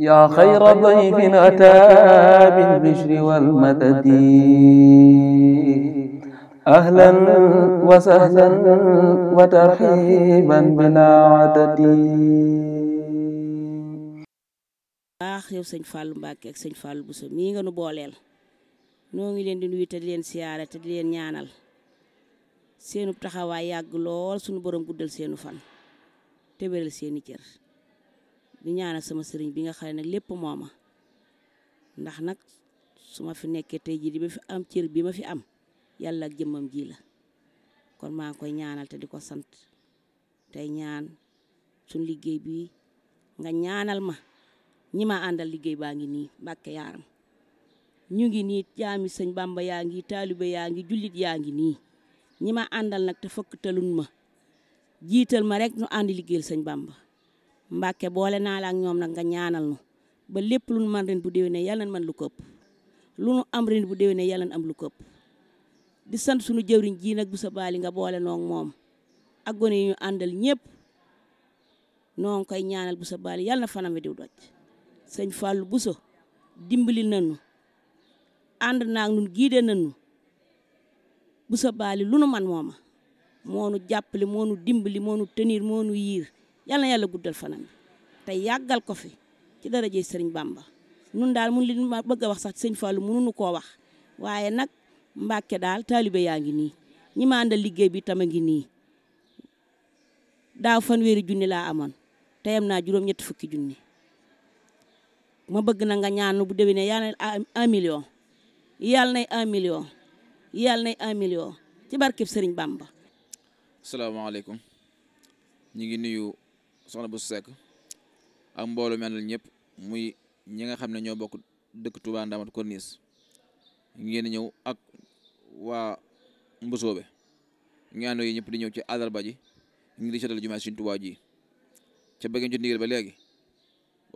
yaa xayra dayfin ataa bil bishri wal madadi ahlan wa sahlan wa tarxiiban bilaa adadi. baax yow sëñ Fallou Mbacke ak sëñ Fallou Bousso mii nga nu booleel noo ngi leen di nuyu te di leen siyaare te di leen ñaanal seenu taxawaay yàgg lool sunu borom guddal seenu fan te wéral seeni cër. di ñaanal sama sëriñ bi nga xam ne nag lépp moo ma ndax nag su ma fi nekkee tey jii di ba fi am cër bi ma fi am yàlla ak jëmmam ji la kon maa ngi koy ñaanal te di ko sant tey ñaan suñ liggéey bi nga ñaanal ma ñi ma àndal liggéey baa ngi nii mbàkke yaaram ñu ngi nii jaami sëñ Bàmba yaa ngi taalibe yaa ngi jullit yaa ngi nii ñi ma àndal nag te fëkk talun ma jiital ma rek nu àndi liggéey sëñ Bàmba Mbàkke boole naa la ak ñoom nag nga ñaanal ba lépp lu nu man ren bu déwénee yàlla man lu këpp lu nu bu déwénee yàlla nañ am lu këpp di sant sunu jëwriñ ji nag bu sa baali nga boole noog moom ak gone yi ñu àndal ñëpp noo ngi koy ñaanal bu sa yàlla na fanam wi diw doj sëñ Fallou Bousso dimbali nañu ànd naag nun giide nañu bu sa baali lu nu man mooma moo nu jàppale moo nu dimbali moo nu tenir yiir yàlla yàlla guddal fanam te yàggal ko fi ci dara darajey sëriñ Bamba nun daal mun li ma bëgg a wax sax sëñ Fallou mënuñu koo wax waaye nag Mbàkke daal taalibe yaa ngi nii ñi ma àndal liggéey bi tama a ngi nii daaw fanweeri junni laa amoon te yam naa juróom-ñetti fukki junni ma bëgg na nga ñaan bu déwénee yàlla nay un million yàlla nay un million yàlla nay un million ci barkeb sëriñ Bamba. asalaamaaleykum ñu ngi nuyu. soxna bu Seck ak mbooloo mi àndal ñëpp muy ñi nga xam ne ñoo bokk dëkk Touba Ndamatou Corniche ngeen ñëw ak waa Mbusoobe be àndoo yi ñëpp di ñëw ci àllarba ji ñu ngi di seetal jumaa Sëriñ Tuubaa ji ca bëgg ci ndigal ba léegi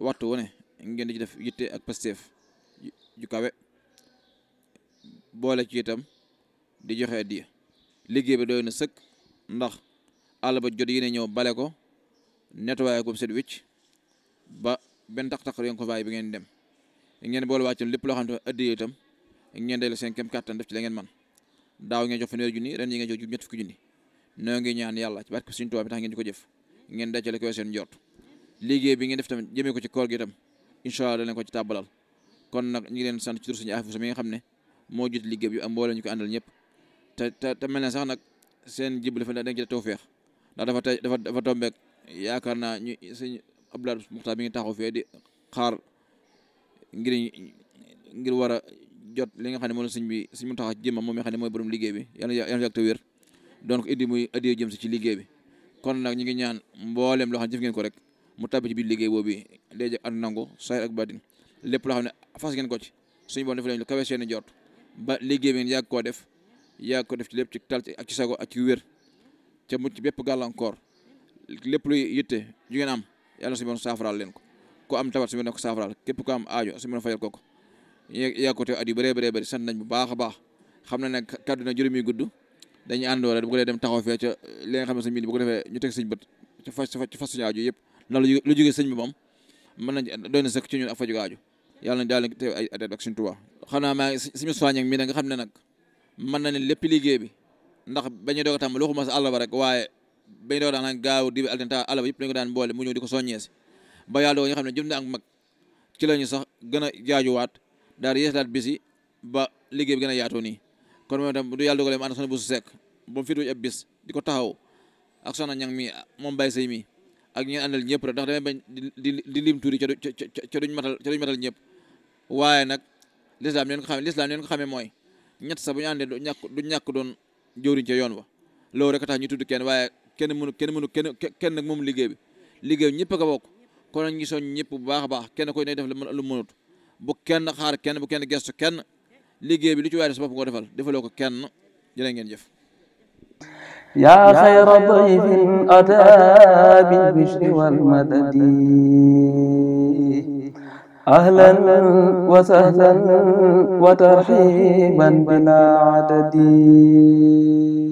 waxtu wu ne ngeen di ci def yitte ak pasteef ju kawe boole ci itam di joxe di liggéey bi doy na sëkk ndax àll ba jot yi ne ñëw bale ko nettoyé ko set wicc ba benn tax-tax yéen ko bàyyi bi ngeen dem ngeen boole wàccam lépp loo xam ne addiya itam ngeen delloo seen kem kàttan def ci la ngeen man daaw ngeen jox fanweeri junni ren yi ngeen jox ñett fukki junni noo ngi ñaan yàlla ci barke Sëriñ Tuubaa bi tax ngeen di ko jëf ngeen dajale ko seen njort liggéey bi ngeen def tamit jëmee ko ci koor gi itam incha allah danañ ko ci tàbbalal kon nag ñu ngi leen sant ci tur suñu affaire mi nga xam ne moo jot liggéey bi am mbooloo ko àndal ñëpp te te te mel ne sax nag seen jibli fa dañ ci yaakaar naa ñu sëñ Abdoulaye Muxtaar bi ngi taxaw fee di xaar ngir ngir war a jot li nga xam ne moom la sëñ bi sëñ mu taxaw ci jëmmam moom nga xam ne mooy borom liggéey bi yàlla yàlla yàgg te wér donc indi muy adiyo jëm si ci liggéey bi kon nag ñu ngi ñaan mbooleem loxo xam ne jëf ngeen ko rek mu tàbbi ci biir liggéey boobu léeg ak nangu saayir ak baatin lépp loo xam ne fas ngeen ko ci suñu borom def lañ lu kawe seen i jot ba liggéey bi ngeen yàgg koo def yàgg ko def ci lépp ci ta ak ci sago ak ci wér ca mucc bépp gàllankoor lépp luy yitte ju ngeen am yàlla suñu borom saafaraal leen ko am tabat suñu borom ko saafaraal képp ku am aajo suñu a nag bu ko dee dem taxaw fee ca li nga xam ne sëñ bi bu ko defee ñu teg sëñ bët ca fas ca fas suñu aajo yëpp ndax lu jógee sëñ bi moom mën nañ doy na sëkk ci ñun ak faju daal di teew ay atet ak maa ngi suñu soññeeg mi na nga xam ne nag mën na ne lépp liggéey bi ndax bañu doog a tàmbali waxuma ba rek waaye bay doo daan gaaw dibi altenta ala ba yëpp dañ daan boole mu ñëw di ko soññee ba yàlla doo ñu xam ne jëm na mag ci la ñu sax gën a jaajuwaat daal di yeesalaat bis yi ba liggéey bi gën a yaatoo nii kon moom itam du yàlla dogalee mu ba mu fiituj ab bis ko taxaw ak soxna ñang mi moom bàyyi say mi ak ñeen àndal ñëpp rek dax damay ba di di lim tuuri ca ca duñ matal ca duñ matal ñëpp waaye nag lislaam leen ko xamee lislaam leen ko xamee mooy ñett sax bu ñu àndee du ñakk du ñàkk doon jëwriñ ca yoon wa loolu rek a tax ñu tudd kenn waaye kenn mënu kenn mënu kenn kenn nag moom liggéey bi liggéey bi ñëpp a ko bokk kon nag ngi soñ ñëpp bu baax a baax kenn koy nay def lu mënut bu kenn xaar kenn bu kenn gestu kenn liggéey bi lu ci waay def sa bopp nga defal defaloo ko kenn jërë ngeen jëf yaa xayra a ataa bil bishri wal madadi ahlan wa sahlan wa tarhiban bilaa